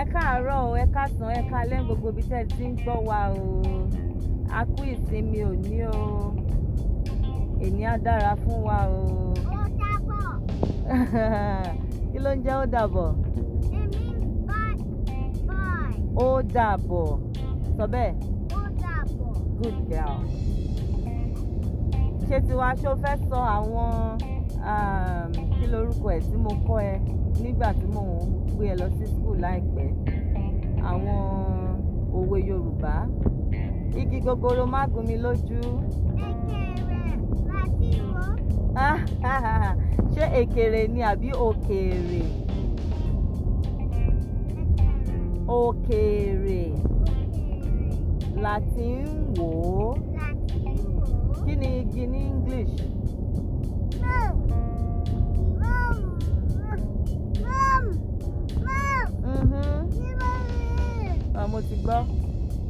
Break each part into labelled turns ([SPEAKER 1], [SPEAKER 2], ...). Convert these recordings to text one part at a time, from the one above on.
[SPEAKER 1] ẹ káàárọ̀ o ẹ káàsán ẹ káalẹ́ gbogbo ibi tẹ́ ẹ ti ń gbọ́ wa o a kú ìsinmi òní o èní á dára fún wa o. ó dàbọ̀. kí ló ń jẹ́ ó dàbọ̀. èmi ń bọ̀ bọ̀. ó dàbọ̀ sọ bẹ́ẹ̀. ó dàbọ̀. good girl. ṣé tiwa ṣó fẹ́ sọ àwọn. So Ehm, kí lorúkọ ẹ̀ tí mo kọ́ ẹ nígbà tí mò ń gbé ẹ lọ sí school láìpẹ́ àwọn òwe Yorùbá igi gogoro má gún mi lójú. ṣé èkèrè ni àbí òkèèrè òkèèrè láti ń wò ó kí ni igi ní English. Mm-hmm. Ah, mo ti gbọ́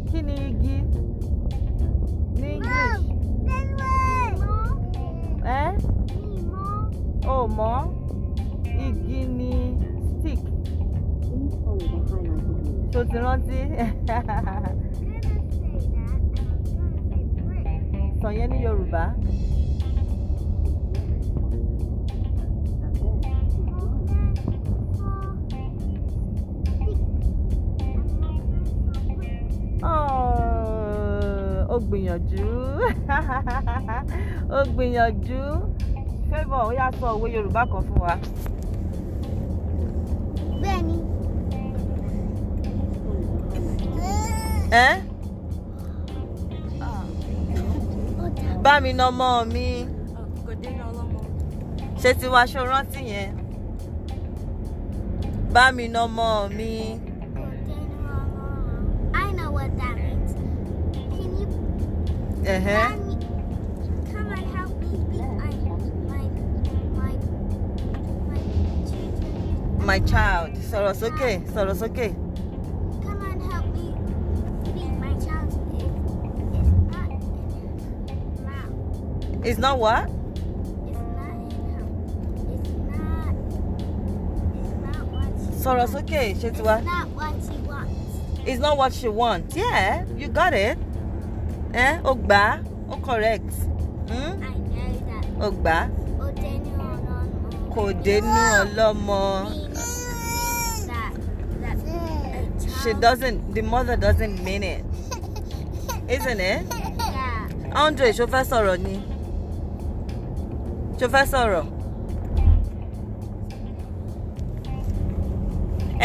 [SPEAKER 1] kí ni igi ní English ẹ ò mọ̀ igi ni stick tó ti rántí sọ yẹn ní Yorùbá. gbìyànjú ó gbìyànjú favour ó yá sọ òwe yorùbá kan fún wa. bẹ́ẹ̀ni. ẹ́ bá mi nà ọmọ mi ṣe tiwa ṣó rántí yẹn bá mi nà ọmọ mi. Okay. Uh huh. Mommy, come and help me my my my my My child. So it's okay. So it's okay. Come and help me my child. It's not in It's not what? So it's okay. She's it's what? not what she wants. It's not what she wants. Yeah, you got it. ẹ o gbà o correct. o gbà á. Hmm? kò dénú ọlọ́mọ. She doesn't, the mother doesn't mean it. Isn't it? Yeah. Andre, ṣó fẹ́ sọ̀rọ̀ ni? Ṣó fẹ́ sọ̀rọ̀?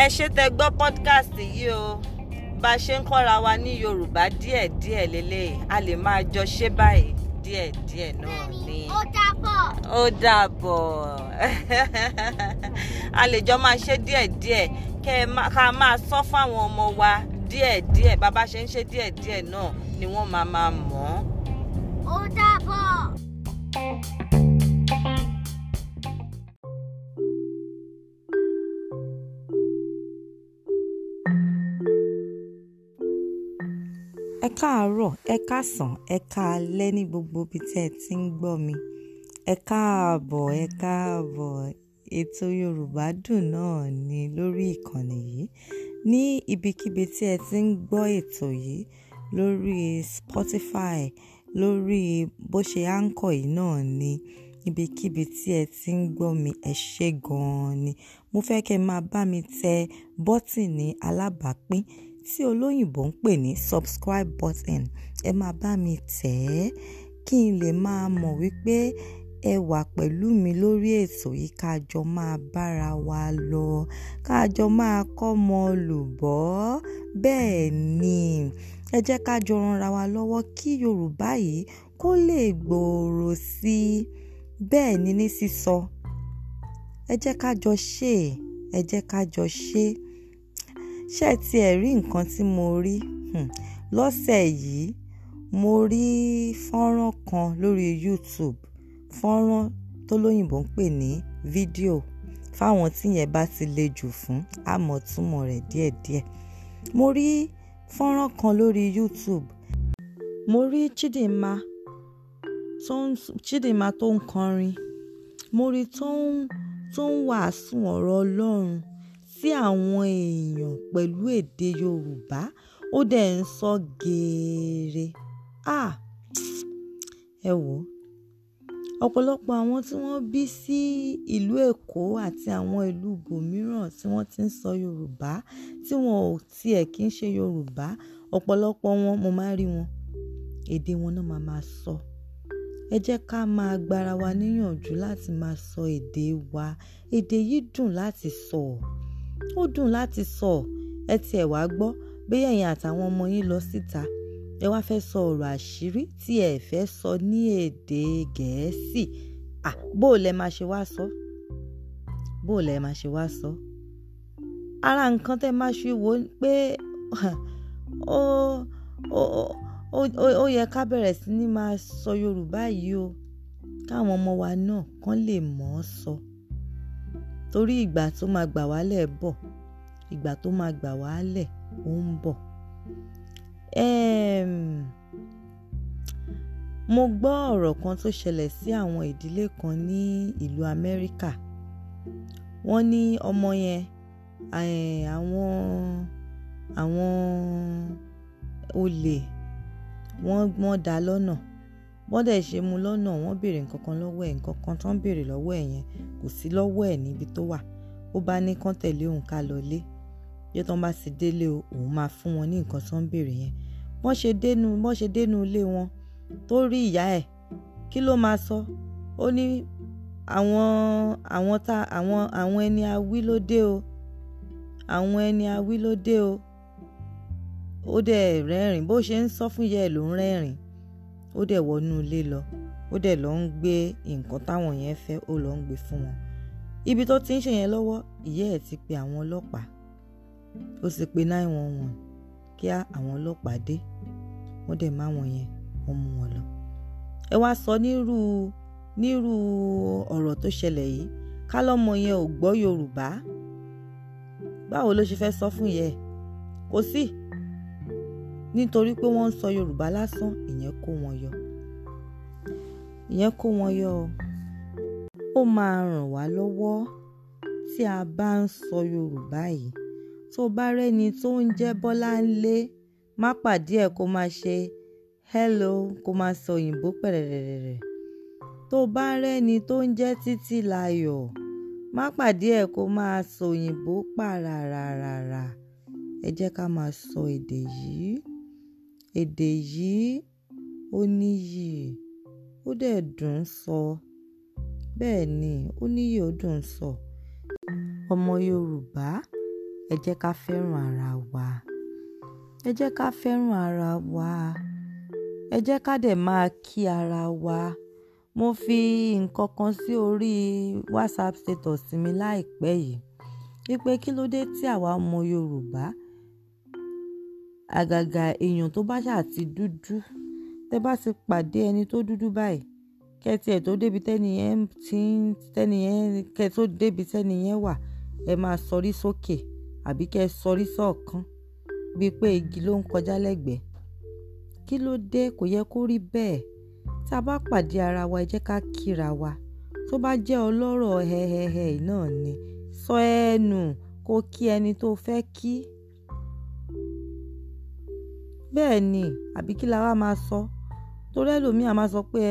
[SPEAKER 1] Ẹ ṣé tẹ́ gbọ́ podcast yìí o bá ṣe ń kọ́ra wa ní yorùbá díẹ̀díẹ̀ lélẹ̀ a lè máa jọ ṣe báyìí díẹ̀díẹ̀ náà ni ó dàbọ̀ ó dàbọ̀ a lè jọ máa ṣe díẹ̀díẹ̀ ká máa sọ fáwọn ọmọ wa díẹ̀díẹ̀ bàbá ṣe ń ṣe díẹ̀díẹ̀ náà ni wọ́n máa máa mọ̀ ó dàbọ̀. káàárọ̀ ẹ káàsán ẹ káalẹ́ ní gbogbo ibi tẹ́ ẹ ti ń gbọ́ mi ẹ káàbọ̀ ẹ káàbọ̀ ètò Yorùbá dùn náà ni lórí ìkànnì yìí ní ibikíbi tí ẹ ti ń gbọ́ ètò yìí lórí Spotify lórí bó ṣe áńkọ̀ yìí náà ni ibikíbi tí ẹ ti ń gbọ́ mi ẹ ṣé gan-an ni mo fẹ́ kẹ́ máa bá mi tẹ bọ́tìnì alábàápín tí olóyìnbó ń pè ní subscribe button ẹ máa bá mi tẹ̀ ẹ́ kí n lè máa mọ̀ wípé ẹ wà pẹ̀lú mi lórí ètò yìí ká jọ máa bára wa lọ ká jọ máa kọ́mọ lùbọ́ bẹ́ẹ̀ ni ẹ jẹ́ ká jọ ranra wa lọ́wọ́ kí Yorùbá yìí kó lè gbòòrò sí i bẹ́ẹ̀ ni ní sísọ ẹ jẹ́ ká jọ ṣe ẹ jẹ́ ká jọ ṣe é ṣé tiẹ̀ rí nǹkan tí mo rí hmm. lọ́sẹ̀ yìí mo rí fọ́nrán kan lórí YouTube fọ́nrán tó lóyìnbó ń pè ní fídíò fáwọn tíyẹn bá ti le jù fún àmọ̀túnmọ̀ rẹ̀ díẹ̀díẹ̀ mo rí fọ́nrán kan lórí YouTube mo rí Chidinma tó ń Chidinma tó ń kọrin mo rí tó ń tó ń wàásù ọ̀rọ̀ Ọlọ́run sí àwọn èèyàn pẹ̀lú èdè yorùbá ó dẹ̀ ń sọ geere ah ẹ wò ó ọ̀pọ̀lọpọ̀ àwọn tí wọ́n bí sí ìlú èkó àti àwọn ìlú ibòmíràn tí wọ́n ti ń sọ yorùbá tí wọn ò tiẹ̀ kí ń ṣe yorùbá ọ̀pọ̀lọpọ̀ wọn mo máa rí wọn èdè wọn náà máa máa sọ ẹ jẹ́ ká máa gbára wa níyànjú láti máa sọ èdè wa èdè yìí dùn láti sọ ọ́ ó dùn láti sọ ẹ ti ẹ̀ wá gbọ́ bóyá ẹ̀yin àtàwọn ọmọ yín lọ síta ẹ wá fẹ́ sọ ọ̀rọ̀ àṣírí tí ẹ fẹ́ sọ ní èdè gẹ̀ẹ́sì à bó lẹ máa ṣe wá sọ bó lẹ máa ṣe wá sọ ara nǹkan tẹ́ máa ṣe wò pé ó ó yẹ ká bẹ̀rẹ̀ sí ní máa sọ Yorùbá yìí o káwọn ọmọ wa náà kán lè mọ̀ ọ́ sọ. So torí ìgbà tó máa gbà wálẹ̀ bọ̀ ìgbà tó máa gbà wálẹ̀ ó ń bọ̀. Um, mo gbọ́ ọ̀rọ̀ kan tó ṣẹlẹ̀ sí àwọn ìdílé kan ní ìlú Amẹ́ríkà wọ́n ní ọmọ yẹn eh, àwọn àwọn olè wọ́n gbọ́n dá lọ́nà. No bọ́n dẹ̀ ṣe mú lọ́nà wọ́n béèrè nǹkan kan lọ́wọ́ ẹ̀ nǹkan kan tó ń béèrè lọ́wọ́ ẹ̀ yẹn kò sí lọ́wọ́ ẹ̀ níbi tó wà ó bá ní kán tẹ̀lé òun ká lọ lé yẹ tán bá sì délé o òun máa fún wọn ní nǹkan tó ń béèrè yẹn bọ́n ṣe dénú bọ́n ṣe dénú ilé wọn tó rí ìyá ẹ̀ kí ló máa sọ ó ní àwọn àwọn tá àwọn àwọn ẹni awí ló dé o àwọn ẹni awí ló dé o ó dẹ̀ rẹ́rìn bó ṣe ń sọ fún ìyá ẹ̀ ló ń rẹ́rìn ó dẹ̀ wọnú ilé lọ ó dẹ̀ lọ ń gbé nǹkan táwọn yẹn fẹ́ ó lọ ń gbé fún wọn ibi tó ti ń ṣe yẹn lọ́wọ́ ìyá ẹ̀ ti pe àwọn ọlọ́pàá ó sì pe nine one one kíá àwọn ọlọ́pàá dé wọ́n dẹ̀ má wọn yẹn wọ́n mú wọn lọ. ẹ wá sọ nírú nírú ọ̀rọ̀ tó ṣẹlẹ̀ yìí ká lọ́mọ yẹn ò gbọ́ Yorùbá báwo ló ṣe fẹ́ sọ fún yẹ kò sí nítorí pé wọ́n ń sọ Yorùbá lásán ìyẹn kó wọn yọ ìyẹn kó wọn yọ ó máa ràn wá lọ́wọ́ tí a bá ń sọ Yorùbá yìí tó bá rẹ́ni tó ń jẹ́ Bọ́láńlé má pàdé ẹ̀ kó máa ṣe hello kó máa sọ òyìnbó pẹ̀rẹ̀rẹ̀rẹ̀ tó bá rẹ́ni tó ń jẹ́ Títílayọ̀ má pàdé ẹ̀ kó máa sọ òyìnbó pàràràràrà ẹ jẹ́ ká máa sọ èdè yìí. Èdè yìí ó níyì, ó dẹ̀ dùn sọ. Bẹ́ẹ̀ ni, ó níyì ó dùn sọ. Ọmọ Yorùbá, ẹ jẹ́ ká fẹ́ràn ara wa. Ẹ jẹ́ ká fẹ́ràn ara wa. Ẹ jẹ́ ká dẹ̀ máa kí ara wa. Mo fi nǹkan kan sí orí WhatsApp status mi láìpẹ́ yìí. Wípé kí ló dé tí àwa ọmọ Yorùbá àgàgà èèyàn tó bá ṣáà ti dúdú tẹ́ bá ti pàdé ẹni tó dúdú báyìí kẹ́tì ẹ̀ tó débi tẹ́ni yẹn ti ń tẹ́ni yẹn kẹ́ tó débi tẹ́ni yẹn wà ẹ máa sọrí sókè àbí kẹ́ sọrí sọ̀kan bíi pé igi ló ń kọjá lẹ́gbẹ̀ẹ́ kí ló dé kò yẹ kó rí bẹ́ẹ̀ tá a bá pàdé ara wa ẹ jẹ́ ká kíra wa tó bá jẹ́ ọlọ́rọ̀ hẹ́hẹ́hẹ́ náà ni sọ ẹ́ nù kó kí ẹni tó fẹ́ kí bẹ́ẹ̀ ni àbí kí la wá máa sọ torí ẹlòmíì a máa sọ pé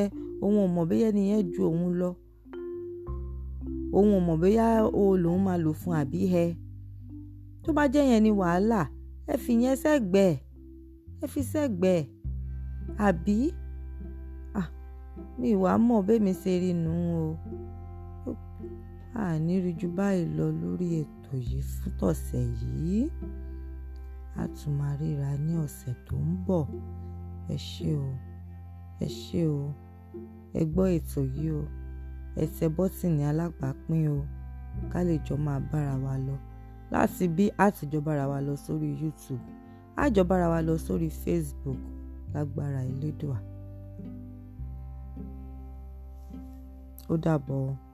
[SPEAKER 1] òun ò mọ̀ bóyá ẹni yẹn ju òun lọ òun ò mọ̀ bóyá o lòun máa lò fún àbí ẹ tó bá jẹ́ yẹn ni wàhálà ẹ fi yẹn sẹ́gbẹ̀ẹ́ ẹ fi sẹ́gbẹ̀ẹ́ àbí mi wàá mọ̀ bẹ́mi ṣe rí nù ún o àní rí ju báyìí lọ lórí ètò yìí fún tọ̀sẹ̀ yìí a tún máa ríra ní ọ̀sẹ̀ tó ń bọ̀ ẹ ṣé o ẹ ṣé o ẹ gbọ́ ètò yìí o ẹ tẹ bọ́tìnì alápàápín o ká lè jọ máa bára wa lọ láti bí àtijọ́ bára wa lọ sórí YouTube àjọ bára wa lọ sórí Facebook lágbára elédùà ó dàbọ̀ o.